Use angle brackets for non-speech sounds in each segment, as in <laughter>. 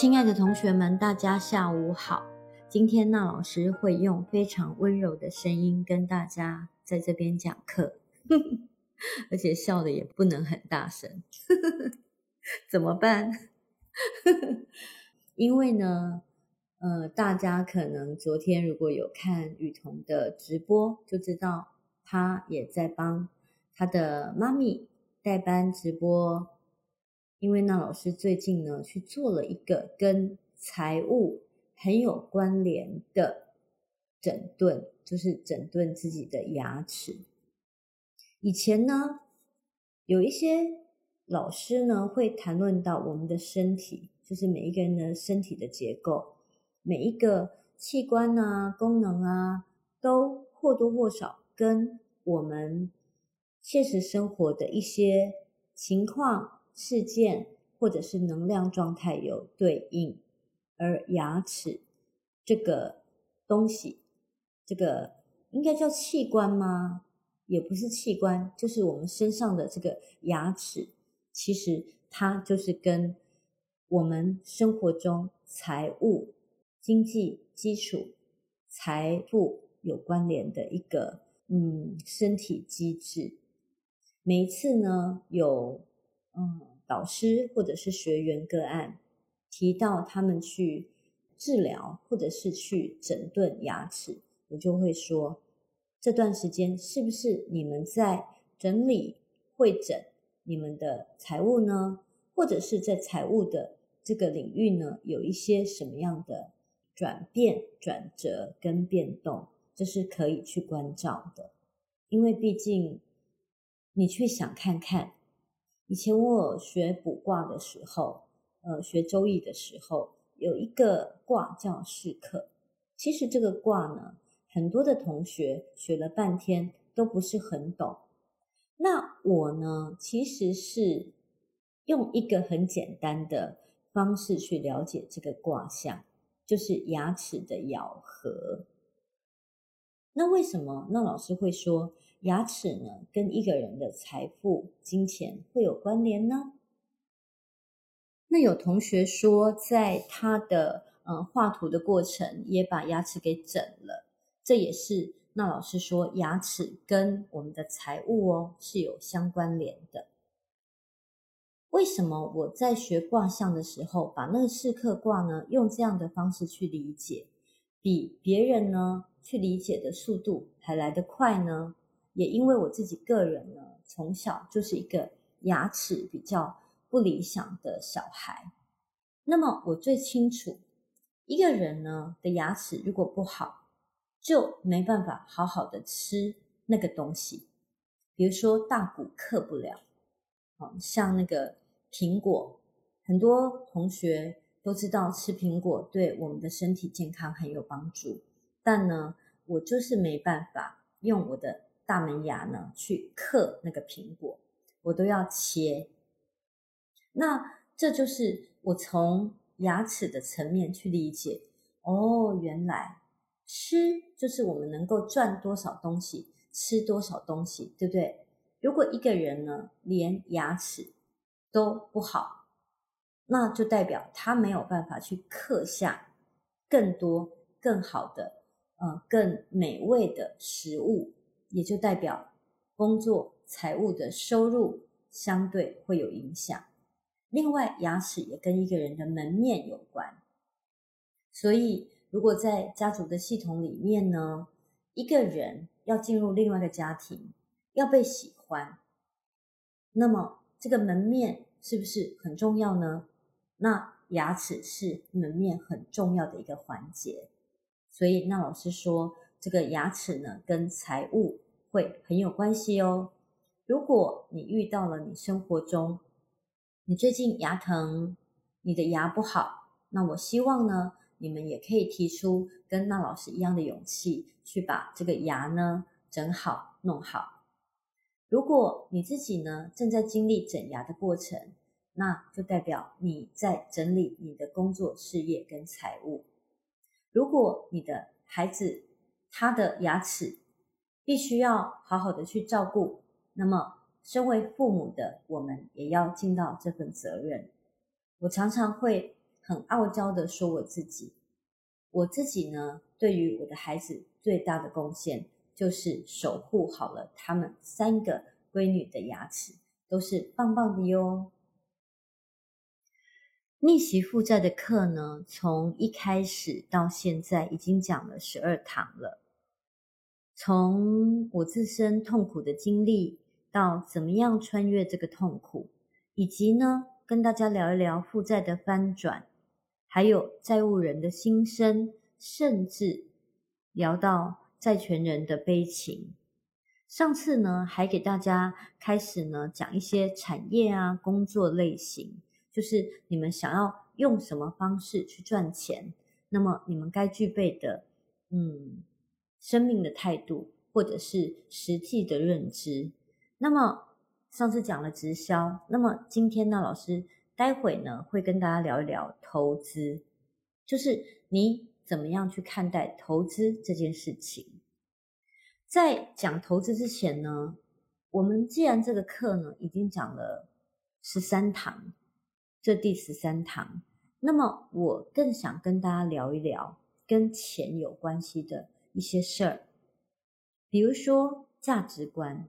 親愛的同學們，大家下午好。今天娜老師會用非常溫柔的聲音跟大家在這邊講課，呵呵，而且笑得也不能很大聲，呵呵，怎麼辦？呵呵，因為呢，呃，大家可能昨天如果有看雨桐的直播，就知道她也在幫她的媽咪代班直播。因為娜老師最近呢去做了一個跟財務很有關聯的整頓，就是整頓自己的牙齒。以前呢，有一些老師呢會談論到我們的身體，就是每一個人的身體的結構，每一個器官啊、功能啊，都或多或少跟我們現實生活的一些情況事件或者是能量狀態有對應，而牙齒這個東西，這個應該叫器官嗎？也不是器官，就是我們身上的這個牙齒，其實它就是跟我們生活中財務、經濟基礎、財富有關聯的一個嗯身體機制。每一次呢，有。嗯，導師或者是學員個案提到他們去治療或者是去整頓牙齒，我就會說：這段時間是不是你們在整理會診你們的財務呢？或者是在財務的這個領域呢，有一些什麼樣的轉變、轉折跟變動，這是可以去關照的。因為畢竟你去想看看。以前我學卜卦的時候，呃，學周易的時候，有一個卦叫“噬嗑”。其實這個卦呢，很多的同學學了半天都不是很懂。那我呢，其實是用一個很簡單的方式去了解這個卦象，就是牙齒的咬合。那為什麼？那老師會說？牙齒呢，跟一個人的財富、金錢會有關聯呢。那有同學說，在他的呃畫圖的過程也把牙齒給整了，這也是那老師說牙齒跟我們的財務哦是有相關聯的。為什麼我在學卦象的時候，把那個四課卦呢，用這樣的方式去理解，比別人呢去理解的速度還來得快呢？也因為我自己個人呢，從小就是一個牙齒比較不理想的小孩。那麼我最清楚，一個人呢的牙齒如果不好，就沒辦法好好的吃那個東西。比如說大骨啃不了，哦，像那個蘋果，很多同學都知道吃蘋果對我們的身體健康很有幫助，但呢，我就是沒辦法用我的。大門牙呢，去刻那個蘋果，我都要切。那這就是我從牙齒的層面去理解。哦，原來吃就是我們能夠賺多少東西，吃多少東西，對不對？如果一個人呢，連牙齒都不好，那就代表他沒有辦法去刻下更多、更好的，嗯、呃，更美味的食物。也就代表工作、財務的收入相對會有影響。另外，牙齒也跟一個人的門面有關。所以，如果在家族的系統裡面呢，一個人要進入另外一個家庭，要被喜歡，那麼這個門面是不是很重要呢？那牙齒是門面很重要的一個環節。所以，那老師說。這個牙齒呢，跟財務會很有關係哦。如果你遇到了你生活中，你最近牙疼，你的牙不好，那我希望呢，你們也可以提出跟娜老師一樣的勇氣，去把這個牙呢整好弄好。如果你自己呢正在經歷整牙的過程，那就代表你在整理你的工作事業跟財務。如果你的孩子，他的牙齒必須要好好的去照顧，那麼身為父母的我們也要盡到這份責任。我常常會很傲嬌的說我自己，我自己呢，對於我的孩子最大的貢獻就是守護好了他們三個閨女的牙齒，都是棒棒的喲。逆襲負債的課呢，從一開始到現在已經講了十二堂了。從我自身痛苦的經歷，到怎麼樣穿越這個痛苦，以及呢，跟大家聊一聊負債的翻轉，還有債務人的心聲，甚至聊到債權人的悲情。上次呢，還給大家開始呢，講一些產業啊，工作類型。就是你們想要用什麼方式去賺錢，那麼你們該具備的，嗯，生命的態度，或者是實際的認知。那麼上次講了直銷，那麼今天呢，老師待會呢會跟大家聊一聊投資，就是你怎麼樣去看待投資這件事情。在講投資之前呢，我們既然這個課呢已經講了十三堂。這第十三堂，那麼我更想跟大家聊一聊跟錢有關係的一些事兒，比如說價值觀。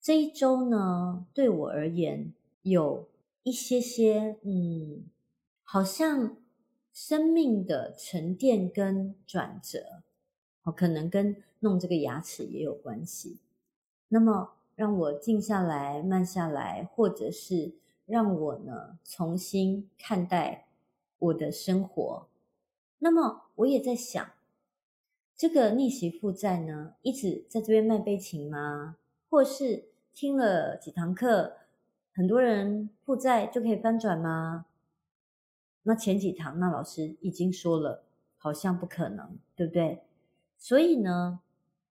這一周呢，對我而言有一些些，嗯，好像生命的沉澱跟轉折。哦，可能跟弄這個牙齒也有關係。那麼讓我靜下來、慢下來，或者是。讓我呢重新看待我的生活。那麼我也在想，這個逆襲負債呢，一直在這邊賣悲情嗎？或是聽了幾堂課，很多人負債就可以翻轉嗎？那前幾堂那老師已經說了，好像不可能，對不對？所以呢，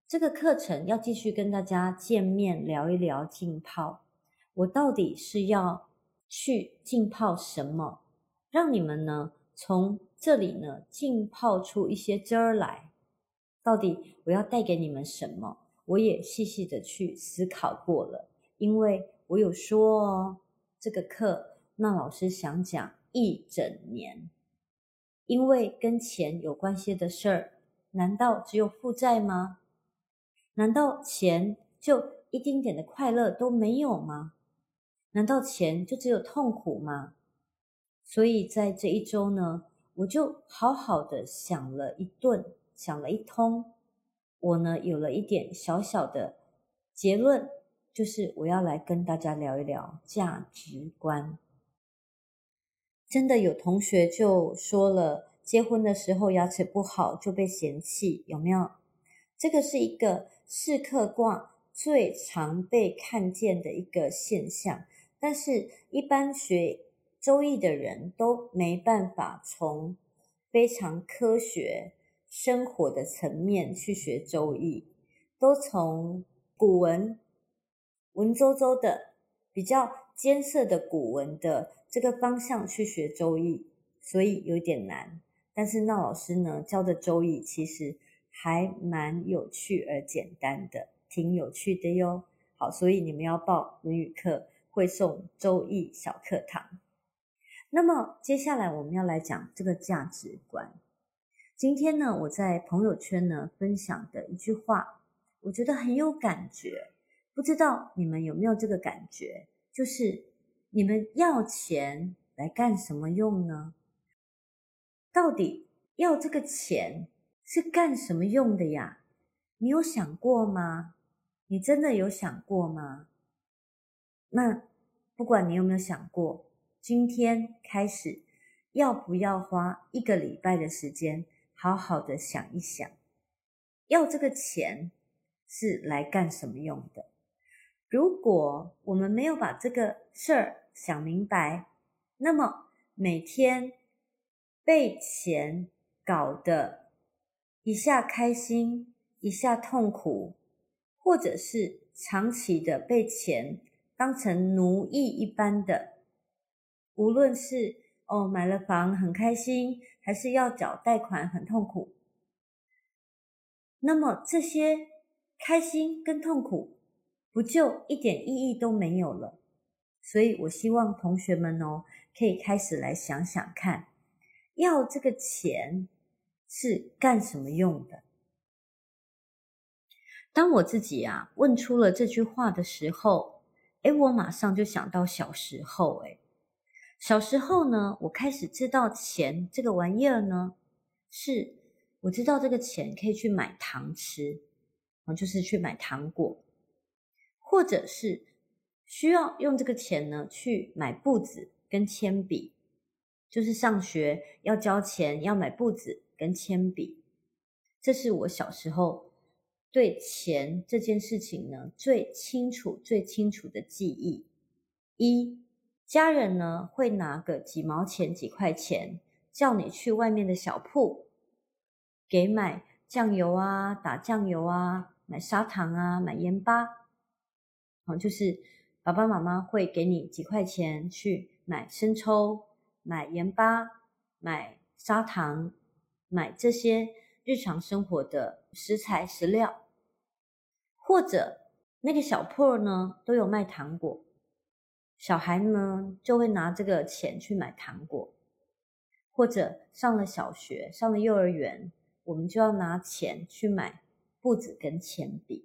這個課程要繼續跟大家見面聊一聊，浸泡。我到底是要。去浸泡什麼，讓你們呢從這裡呢浸泡出一些汁兒來？到底我要帶給你們什麼？我也細細的去思考過了，因為我有說哦，這個課那老師想講一整年，因為跟錢有關係的事兒，難道只有負債嗎？難道錢就一丁點的快樂都沒有嗎？難道錢就只有痛苦嗎？所以在這一周呢，我就好好的想了一頓，想了一通，我呢有了一點小小的結論，就是我要來跟大家聊一聊價值觀。真的有同學就說了，結婚的時候牙齒不好就被嫌棄，有沒有？這個是一個是客觀最常被看見的一個現象。但是，一般學《周易》的人都沒辦法從非常科學生活的層面去學《周易》，都從古文文縐縐的、比較艱澀的古文的這個方向去學《周易》，所以有點難。但是，娜老師呢教的《周易》其實還蠻有趣而簡單的，挺有趣的喲。好，所以你們要報《論語》課。會送《周易》小課堂。那麼接下來我們要來講這個價值觀。今天呢，我在朋友圈呢分享的一句話，我覺得很有感覺。不知道你們有沒有這個感覺？就是你們要錢來幹什麼用呢？到底要這個錢是幹什麼用的呀？你有想過嗎？你真的有想過嗎？那。不管你有沒有想過，今天開始要不要花一個禮拜的時間，好好的想一想，要這個錢是來幹什麼用的？如果我們沒有把這個事兒想明白，那麼每天被錢搞得一下開心，一下痛苦，或者是長期的被錢。當成奴役一般的，無論是哦買了房很開心，還是要繳貸款很痛苦。那麼這些開心跟痛苦，不就一點意義都沒有了？所以我希望同學們哦，可以開始來想想看，要這個錢是幹什麼用的。當我自己啊問出了這句話的時候。哎，我馬上就想到小時候。哎，小時候呢，我開始知道錢這個玩意兒呢，是我知道這個錢可以去買糖吃，就是去買糖果，或者是需要用這個錢呢去買簿子跟鉛筆，就是上學要交錢，要買簿子跟鉛筆，這是我小時候，對錢這件事情呢，最清楚、最清楚的記憶，一家人呢會拿個幾毛錢、幾塊錢，叫你去外面的小鋪給買醬油啊、打醬油啊、買砂糖啊、買鹽巴。嗯，就是爸爸媽媽會給你幾塊錢去買生抽、買鹽巴、買砂糖、買這些。日常生活的食材食料，或者那個小鋪呢都有賣糖果，小孩呢就會拿這個錢去買糖果，或者上了小學，上了幼兒園，我們就要拿錢去買簿子跟鉛筆。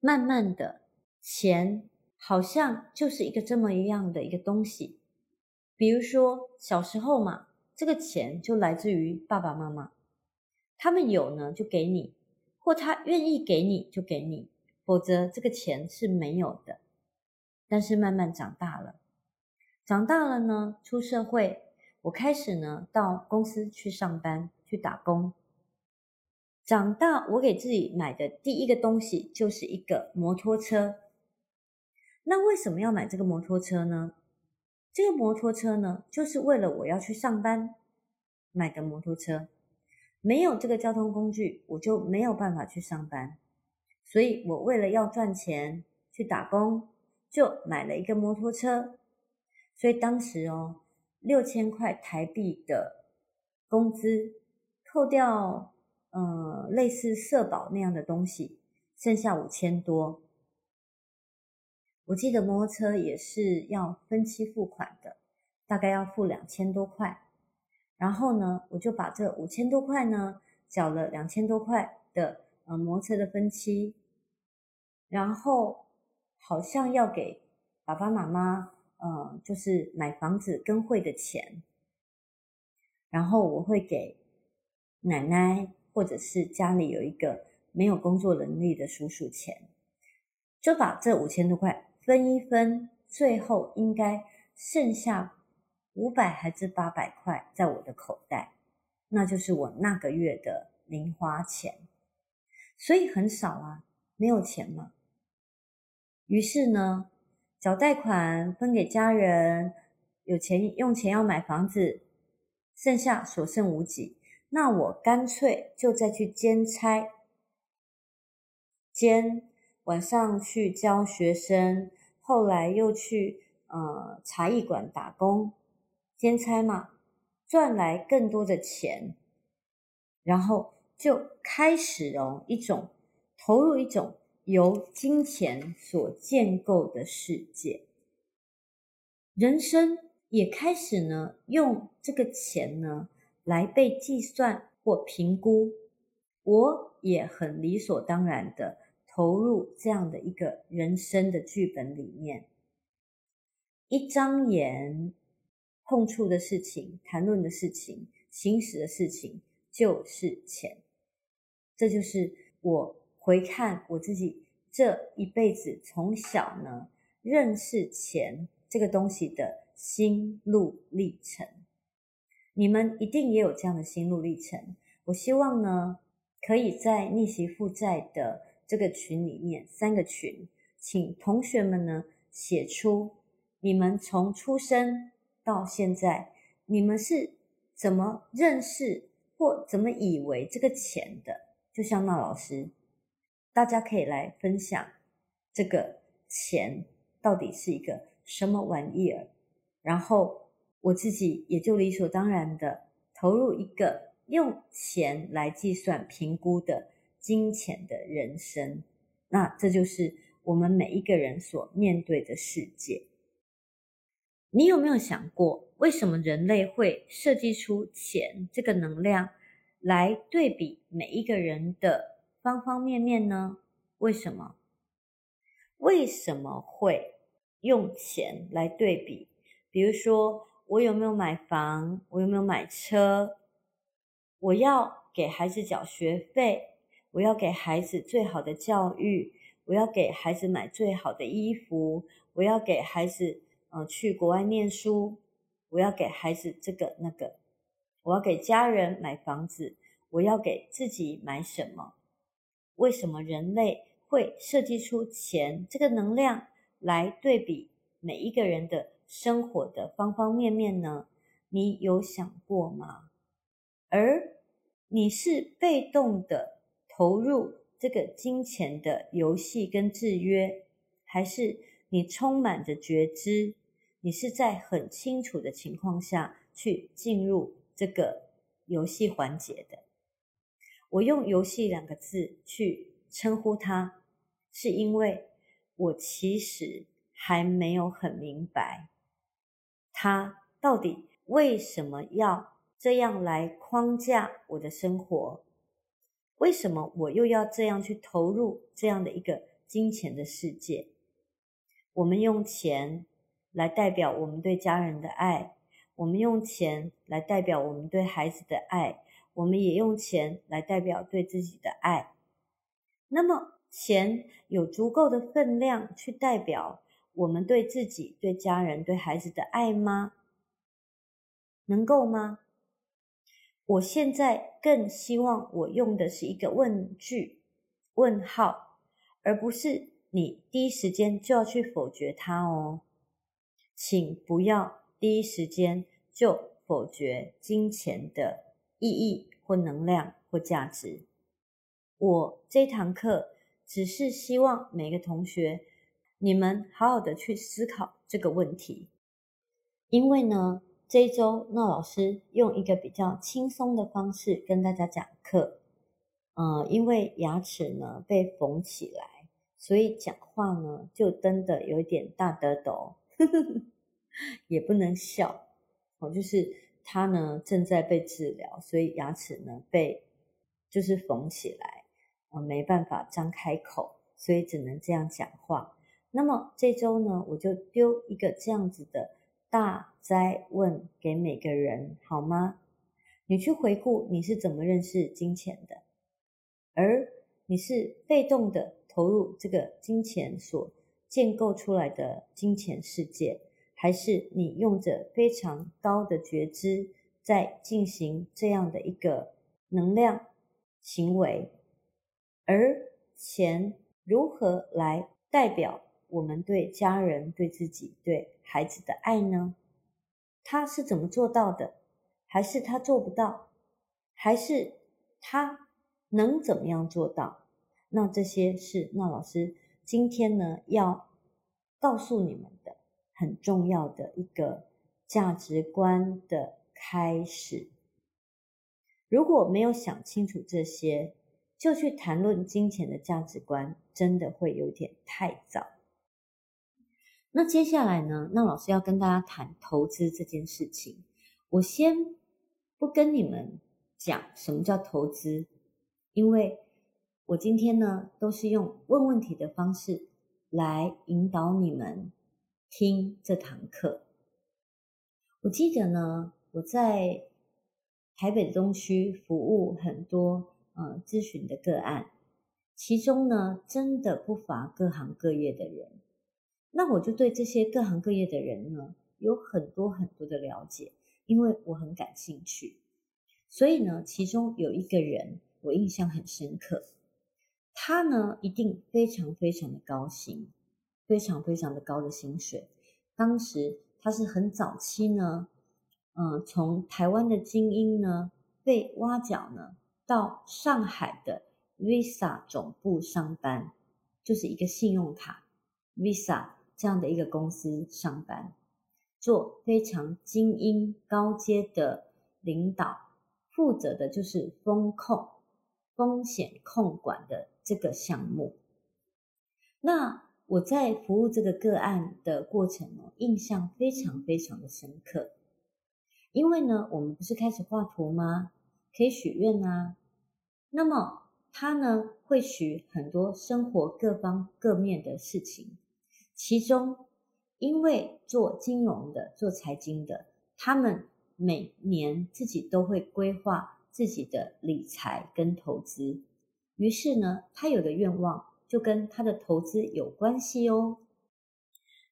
慢慢的，錢好像就是一個這麼一樣的一個東西。比如說小時候嘛，這個錢就來自於爸爸媽媽。他們有呢，就給你；或他願意給你，就給你；否則，這個錢是沒有的。但是慢慢長大了，長大了呢，出社會，我開始呢，到公司去上班，去打工。長大，我給自己買的第一個東西就是一個摩托車。那為什麼要買這個摩托車呢？這個摩托車呢，就是為了我要去上班，買的摩托車。沒有這個交通工具，我就沒有辦法去上班，所以我為了要賺錢去打工，就買了一個摩托車。所以當時哦，六千塊台幣的工資，扣掉嗯，類似社保那樣的東西，剩下五千多。我記得摩托車也是要分期付款的，大概要付兩千多塊。然後呢，我就把這五千多塊呢，繳了兩千多塊的呃摩托車的分期，然後好像要給爸爸媽媽，呃就是買房子跟會的錢，然後我會給奶奶或者是家裡有一個沒有工作能力的叔叔錢，就把這五千多塊分一分，最後應該剩下。五百還是八百塊在我的口袋，那就是我那個月的零花錢，所以很少啊，沒有錢嘛。於是呢，繳貸款，分給家人，有錢用錢要買房子，剩下所剩無幾。那我乾脆就再去兼差，兼晚上去教學生，後來又去呃茶藝館打工。兼差嘛，賺來更多的錢，然後就開始哦，一種投入一種由金錢所建構的世界，人生也開始呢用這個錢呢來被計算或評估，我也很理所當然的投入這樣的一個人生的劇本裡面，一張眼。碰觸的事情、談論的事情、行使的事情，就是錢。這就是我回看我自己這一輩子從小呢認識錢這個東西的心路歷程。你們一定也有這樣的心路歷程。我希望呢，可以在逆襲負債的這個群裡面，三個群，請同學們呢寫出你們從出生。到現在，你們是怎麼認識或怎麼以為這個錢的？就像娜老師，大家可以來分享這個錢到底是一個什麼玩意兒。然後我自己也就理所當然的投入一個用錢來計算、評估的金錢的人生。那這就是我們每一個人所面對的世界。你有沒有想過，為什麼人類會設計出錢這個能量來對比每一個人的方方面面呢？為什麼？為什麼會用錢來對比？比如說，我有沒有買房？我有沒有買車？我要給孩子繳學費，我要給孩子最好的教育，我要給孩子買最好的衣服，我要給孩子。呃，去國外念書，我要給孩子這個那個，我要給家人買房子，我要給自己買什麼？為什麼人類會設計出錢這個能量來對比每一個人的生活的方方面面呢？你有想過嗎？而你是被動的投入這個金錢的遊戲跟制約，還是？你充滿着覺知，你是在很清楚的情況下去進入這個遊戲環節的。我用“遊戲”兩個字去稱呼它，是因為我其實還沒有很明白，它到底為什麼要這樣來框架我的生活？為什麼我又要這樣去投入這樣的一個金錢的世界？我們用錢來代表我們對家人的愛，我們用錢來代表我們對孩子的愛，我們也用錢來代表對自己的愛。那麼，錢有足夠的分量去代表我們對自己、對家人、對孩子的愛嗎？能夠嗎？我現在更希望我用的是一個問句，問號，而不是。你第一時間就要去否決它哦，請不要第一時間就否決金錢的意義或能量或價值。我這堂課只是希望每個同學，你們好好的去思考這個問題。因為呢，這一周娜老師用一個比較輕鬆的方式跟大家講課，呃，因為牙齒呢被縫起來。所以講話呢，就真的有點大得抖呵呵，也不能笑。哦，就是他呢正在被治療，所以牙齒呢被就是縫起來，沒辦法張開口，所以只能這樣講話。那麼這週呢，我就丟一個這樣子的大哉問給每個人，好嗎？你去回顧你是怎麼認識金錢的，而你是被動的。投入這個金錢所建構出來的金錢世界，還是你用着非常高的覺知在進行這樣的一個能量行為？而錢如何來代表我們對家人、對自己、對孩子的愛呢？他是怎麼做到的？還是他做不到？還是他能怎麼樣做到？那這些是娜老師今天呢要告訴你們的很重要的一個價值觀的開始。如果沒有想清楚這些，就去談論金錢的價值觀，真的會有點太早。那接下來呢，娜老師要跟大家談投資這件事情。我先不跟你們講什麼叫投資，因為。我今天呢，都是用問問題的方式來引導你們聽這堂課。我記得呢，我在台北東區服務很多嗯、呃、諮詢的個案，其中呢，真的不乏各行各業的人。那我就對這些各行各業的人呢，有很多很多的了解，因為我很感興趣。所以呢，其中有一個人我印象很深刻。他呢，一定非常非常的高薪，非常非常的高的薪水。當時他是很早期呢，嗯、呃，從台灣的精英呢被挖角呢，到上海的 Visa 總部上班，就是一個信用卡 Visa 這樣的一個公司上班，做非常精英高階的領導，負責的就是風控。風險控管的這個項目，那我在服務這個個案的過程哦，印象非常非常的深刻，因為呢，我們不是開始畫圖嗎？可以許願啊。那麼他呢，會許很多生活各方各面的事情，其中，因為做金融的、做財經的，他們每年自己都會規劃。自己的理財跟投資，於是呢，他有的願望就跟他的投資有關係哦。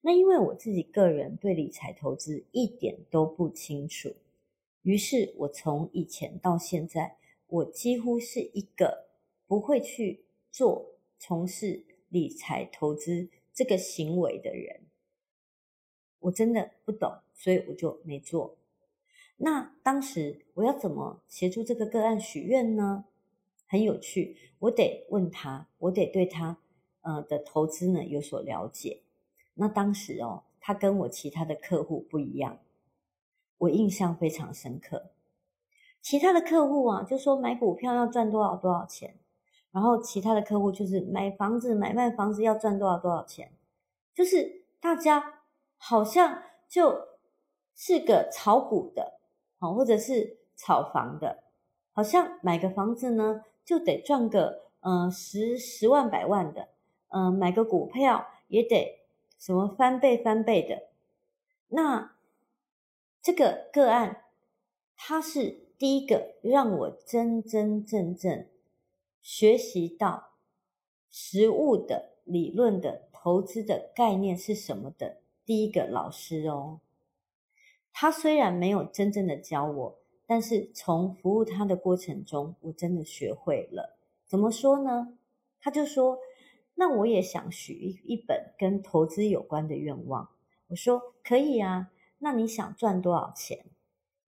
那因為我自己個人對理財投資一點都不清楚，於是我從以前到現在，我幾乎是一個不會去做從事理財投資這個行為的人。我真的不懂，所以我就沒做。那當時我要怎麼協助這個個案許願呢？很有趣，我得問他，我得對他，呃的投資呢有所了解。那當時哦，他跟我其他的客戶不一樣，我印象非常深刻。其他的客戶啊，就說買股票要賺多少多少錢，然後其他的客戶就是買房子、買賣房子要賺多少多少錢，就是大家好像就是個炒股的。或者是炒房的，好像買個房子呢就得賺個呃十十萬百萬的，呃，買個股票也得什麼翻倍翻倍的。那這個個案，它是第一個讓我真真正正學習到實務的理論的投資的概念是什麼的第一個老師哦。他雖然沒有真正的教我，但是從服務他的過程中，我真的學會了。怎麼說呢？他就說：“那我也想許一一本跟投資有關的願望。”我說：“可以啊，那你想賺多少錢？”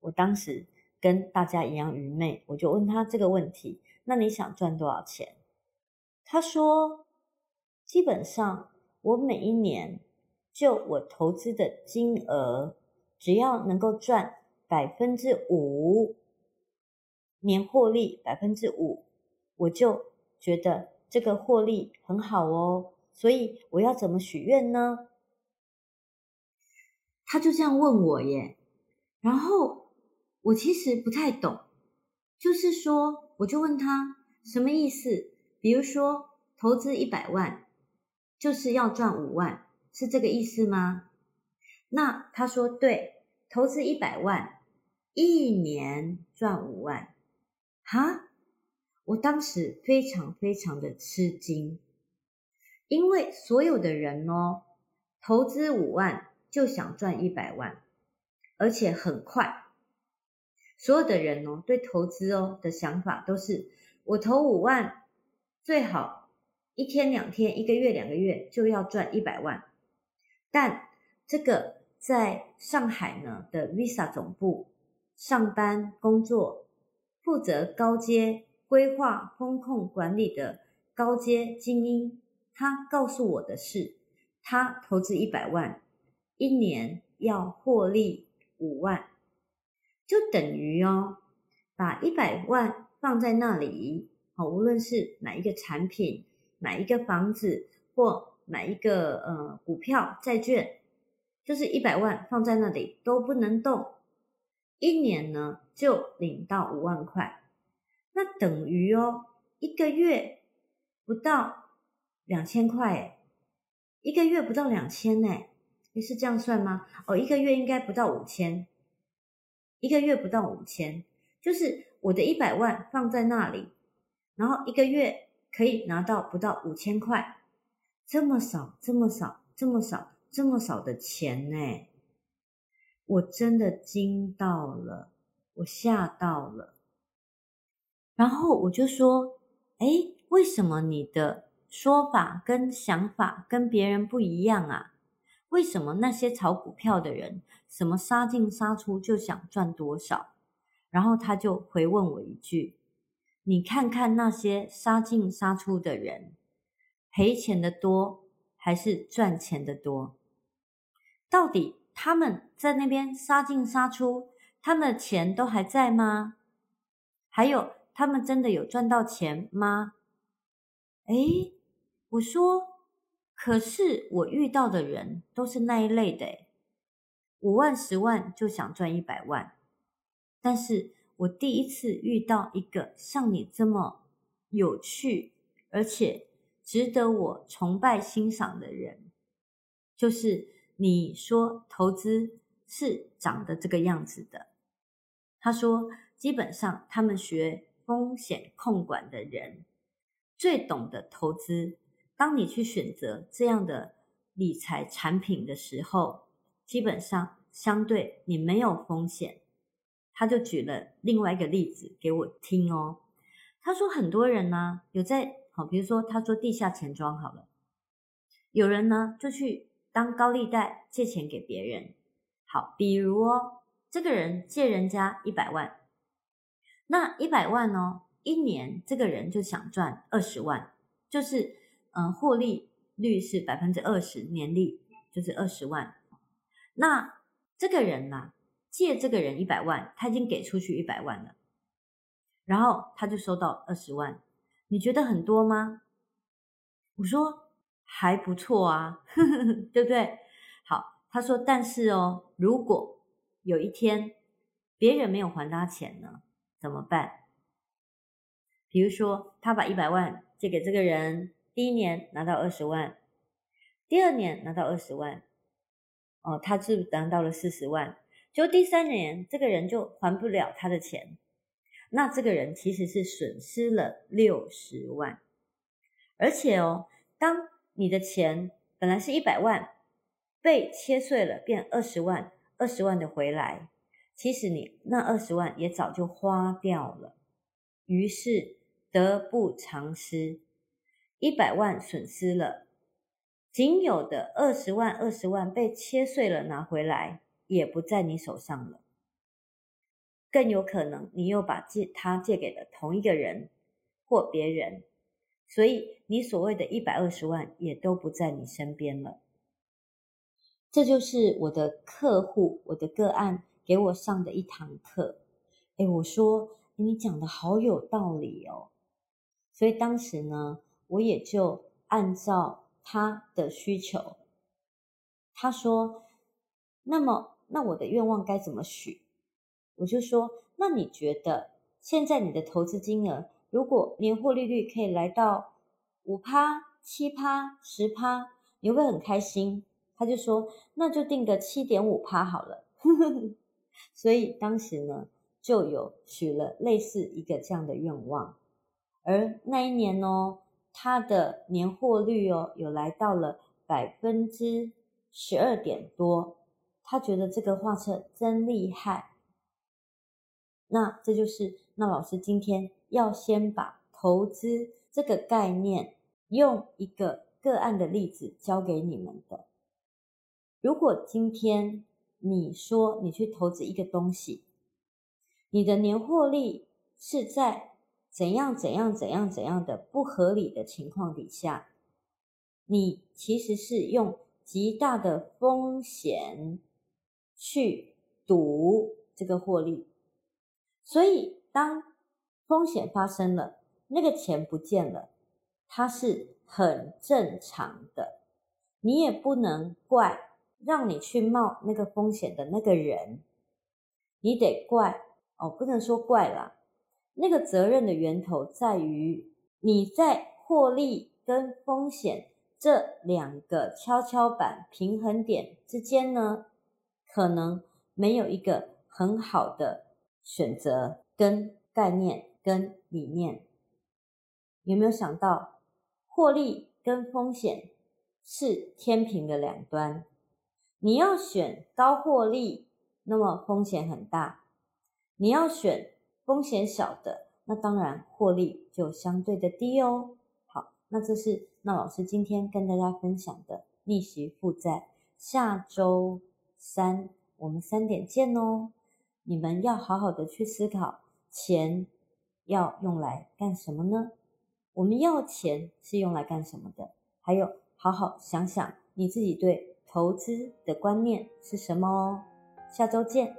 我當時跟大家一樣愚昧，我就問他這個問題：“那你想賺多少錢？”他說：“基本上，我每一年就我投資的金額。”只要能夠賺百分之五，年獲利百分之五，我就覺得這個獲利很好哦。所以我要怎麼許願呢？他就這樣問我耶。然後我其實不太懂，就是說，我就問他什麼意思。比如說，投資一百萬，就是要賺五萬，是這個意思嗎？那他說對，投資一百萬，一年賺五萬，哈、啊，我當時非常非常的吃驚，因為所有的人哦，投資五萬就想賺一百萬，而且很快，所有的人哦對投資哦的想法都是，我投五萬，最好一天兩天一個月兩個月就要賺一百萬，但這個。在上海呢的 Visa 總部上班工作，負責高階規劃風控管理的高階精英，他告訴我的是，他投資一百萬，一年要獲利五萬，就等於哦，把一百萬放在那裡，好，無論是買一個產品、買一個房子或買一個呃股票、債券。就是一百萬放在那裡都不能動，一年呢就領到五萬塊，那等於哦一個月不到兩千塊誒、欸，一個月不到兩千呢、欸？哎，是這樣算嗎？哦，一個月應該不到五千，一個月不到五千，就是我的一百萬放在那裡，然後一個月可以拿到不到五千塊，這麼少，這麼少，這麼少。這麼少的錢呢？欸，我真的驚到了，我嚇到了。然後我就說：“誒，為什麼你的說法跟想法跟別人不一樣啊？為什麼那些炒股票的人什麼殺進殺出就想賺多少？”然後他就回問我一句：“你看看那些殺進殺出的人，賠錢的多還是賺錢的多？”到底他們在那邊殺進殺出，他們的錢都還在嗎？還有，他們真的有賺到錢嗎？誒，我說，可是我遇到的人都是那一類的，誒，五萬十萬就想賺一百萬，但是我第一次遇到一個像你這麼有趣而且值得我崇拜欣賞的人，就是。你說投資是長得這個樣子的，他說：基本上，他們學風險控管的人最懂得投資。當你去選擇這樣的理財產品的時候，基本上相對你沒有風險。他就舉了另外一個例子給我聽哦，他說：很多人呢、啊、有在好，比如說他說地下錢莊好了，有人呢就去。當高利貸借錢給別人，好，比如哦，這個人借人家一百萬，那一百萬呢，哦，一年這個人就想賺二十萬，就是嗯，獲利率是百分之二十，年利就是二十萬。那這個人呢，借這個人一百萬，他已經給出去一百萬了，然後他就收到二十萬，你覺得很多嗎？我說。還不錯啊，呵呵呵，對不對？好，他說，但是哦，如果有一天別人沒有還他錢呢，怎麼辦？比如說，他把一百萬借給這個人，第一年拿到二十萬，第二年拿到二十萬，哦，他只拿到了四十萬。就第三年，這個人就還不了他的錢，那這個人其實是損失了六十萬。而且哦，當你的錢本來是一百萬，被切碎了變二十萬，二十萬的回來。其實你那二十萬也早就花掉了，於是得不償失，一百萬損失了，僅有的二十萬二十萬被切碎了拿回來也不在你手上了，更有可能你又把借他借給了同一個人或別人，所以，你所謂的一百二十萬也都不在你身邊了，這就是我的客戶我的個案給我上的一堂課。誒，我說，你講的好有道理哦。所以當時呢，我也就按照他的需求。他說：“那麼，那我的願望該怎麼許？”我就說：“那你覺得現在你的投資金額，如果年獲利率可以來到？”五趴、七趴、十趴，你會不會很開心？他就說：“那就定個七點五趴好了。 <laughs> ”所以當時呢，就有許了類似一個這樣的願望。而那一年哦，他的年獲利率哦，有來到了百分之十二點多。他覺得這個畫冊真厲害。那這就是娜老師今天要先把投資這個概念。用一個個案的例子教給你們的。如果今天你說你去投資一個東西，你的年獲利是在怎樣怎樣怎樣怎樣的不合理的情況底下，你其實是用極大的風險去賭這個獲利，所以當風險發生了，那個錢不見了。它是很正常的，你也不能怪讓你去冒那個風險的那個人，你得怪哦，不能說怪啦。那個責任的源頭在於你在獲利跟風險這兩個蹺蹺板平衡點之間呢，可能沒有一個很好的選擇跟概念跟理念，有沒有想到？獲利跟風險是天平的兩端，你要選高獲利，那麼風險很大；你要選風險小的，那當然獲利就相對的低哦。好，那這是娜老師今天跟大家分享的逆襲負債，下周三我們三點見哦。你們要好好的去思考，錢要用來幹什麼呢？我們要錢是用來幹什麼的？還有，好好想想你自己對投資的觀念是什麼哦。下週見，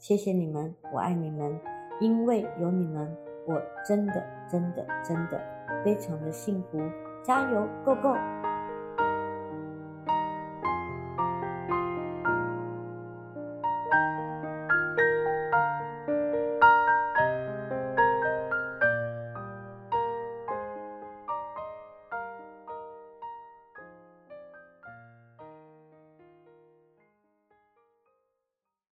謝謝你們，我愛你們，因為有你們，我真的真的真的非常的幸福。加油，Go Go！